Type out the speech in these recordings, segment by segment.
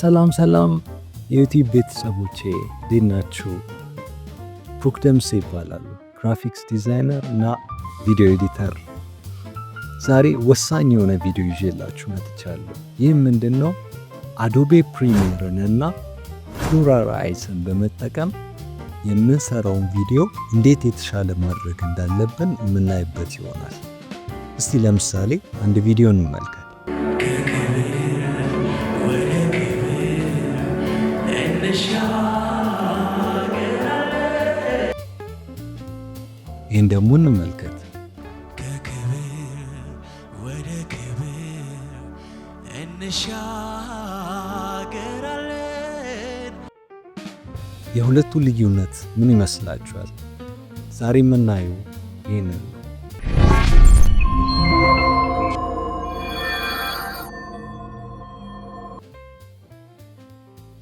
ሰላም ሰላም የዩቲዩብ ቤተሰቦቼ እንዴት ናችሁ? ብሩክ ደምሴ ይባላሉ። ግራፊክስ ዲዛይነር እና ቪዲዮ ኤዲተር። ዛሬ ወሳኝ የሆነ ቪዲዮ ይዤላችሁ መጥቻለሁ። ይህም ምንድን ነው? አዶቤ ፕሪሚየርን እና ፕሉራራይስን በመጠቀም የምንሰራውን ቪዲዮ እንዴት የተሻለ ማድረግ እንዳለብን የምናይበት ይሆናል። እስቲ ለምሳሌ አንድ ቪዲዮ እንመልከት። ይህን ደግሞ እንመልከት። ከክብር ወደ ክብር እንሻገራለን። የሁለቱ ልዩነት ምን ይመስላችኋል? ዛሬ የምናየው ይህን ነው።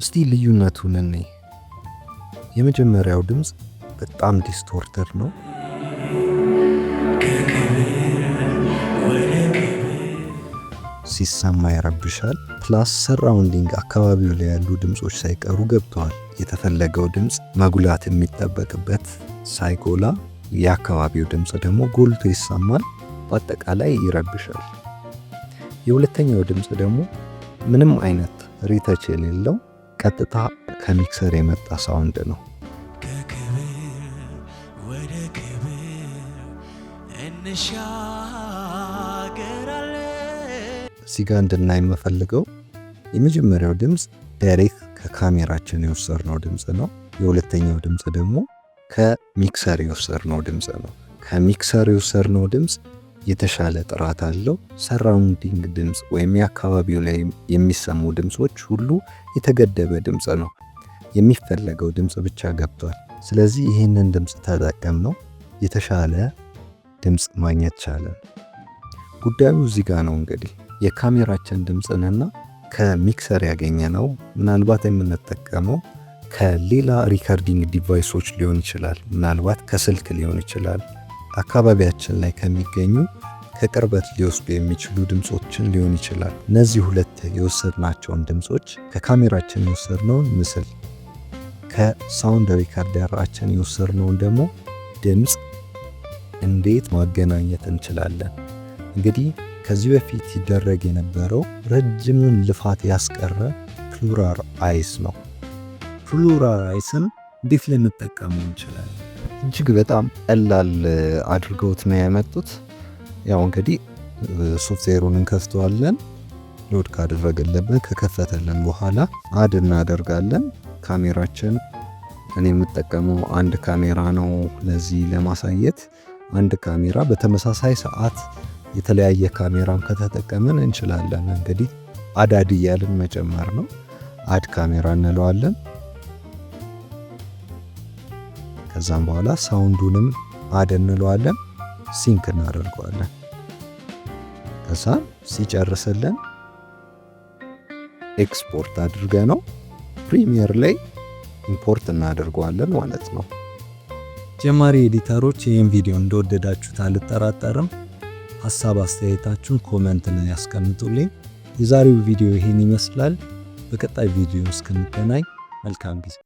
እስቲ ልዩነቱን እኔ የመጀመሪያው ድምፅ በጣም ዲስቶርተር ነው። ሲሰማ ያረብሻል። ፕላስ ሰራውንዲንግ አካባቢው ላይ ያሉ ድምፆች ሳይቀሩ ገብተዋል። የተፈለገው ድምፅ መጉላት የሚጠበቅበት ሳይጎላ፣ የአካባቢው ድምፅ ደግሞ ጎልቶ ይሰማል። በአጠቃላይ ይረብሻል። የሁለተኛው ድምፅ ደግሞ ምንም አይነት ሪተች የሌለው ቀጥታ ከሚክሰር የመጣ ሳውንድ ነው። እዚህ ጋር እንድናይ የምፈልገው የመጀመሪያው ድምፅ ዳይሬክት ከካሜራችን የወሰድነው ድምፅ ነው። የሁለተኛው ድምፅ ደግሞ ከሚክሰር የወሰድነው ድምፅ ነው። ከሚክሰር የወሰድነው ድምፅ የተሻለ ጥራት አለው። ሰራውንዲንግ ድምፅ ወይም የአካባቢው ላይ የሚሰሙ ድምፆች ሁሉ የተገደበ ድምፅ ነው። የሚፈለገው ድምፅ ብቻ ገብቷል። ስለዚህ ይህንን ድምፅ ተጠቀም ነው የተሻለ ድምፅ ማግኘት ቻለን። ጉዳዩ እዚህ ጋር ነው እንግዲህ የካሜራችን ድምፅንና ከሚክሰር ያገኘ ነው። ምናልባት የምንጠቀመው ከሌላ ሪከርዲንግ ዲቫይሶች ሊሆን ይችላል፣ ምናልባት ከስልክ ሊሆን ይችላል፣ አካባቢያችን ላይ ከሚገኙ ከቅርበት ሊወስዱ የሚችሉ ድምፆችን ሊሆን ይችላል። እነዚህ ሁለት የወሰድናቸውን ድምፆች ከካሜራችን የወሰድነውን ምስል ከሳውንድ ሪከርደራችን የወሰድነውን ደግሞ ድምፅ እንዴት ማገናኘት እንችላለን? እንግዲህ ከዚህ በፊት ሲደረግ የነበረው ረጅሙን ልፋት ያስቀረ ፕሉራል አይስ ነው። ፕሉራል አይስን እንዴት ልንጠቀሙ እንችላለን? እጅግ በጣም ቀላል አድርገውት ነው ያመጡት። ያው እንግዲህ ሶፍትዌሩን እንከፍተዋለን። ሎድ ካደረገለብን ከከፈተልን በኋላ አድ እናደርጋለን ካሜራችን እኔ የምጠቀመው አንድ ካሜራ ነው ለዚህ ለማሳየት አንድ ካሜራ በተመሳሳይ ሰዓት የተለያየ ካሜራም ከተጠቀምን እንችላለን። እንግዲህ አድ አድ እያልን መጨመር ነው። አድ ካሜራ እንለዋለን። ከዛም በኋላ ሳውንዱንም አድ እንለዋለን። ሲንክ እናደርገዋለን። ከዛ ሲጨርስልን ኤክስፖርት አድርገ ነው ፕሪሚየር ላይ ኢምፖርት እናደርገዋለን ማለት ነው። ጀማሪ ኤዲተሮች ይህን ቪዲዮ እንደወደዳችሁት አልጠራጠርም። ሀሳብ አስተያየታችሁን ኮመንት ላይ ያስቀምጡልኝ። የዛሬው ቪዲዮ ይህን ይመስላል። በቀጣይ ቪዲዮ እስክንገናኝ መልካም ጊዜ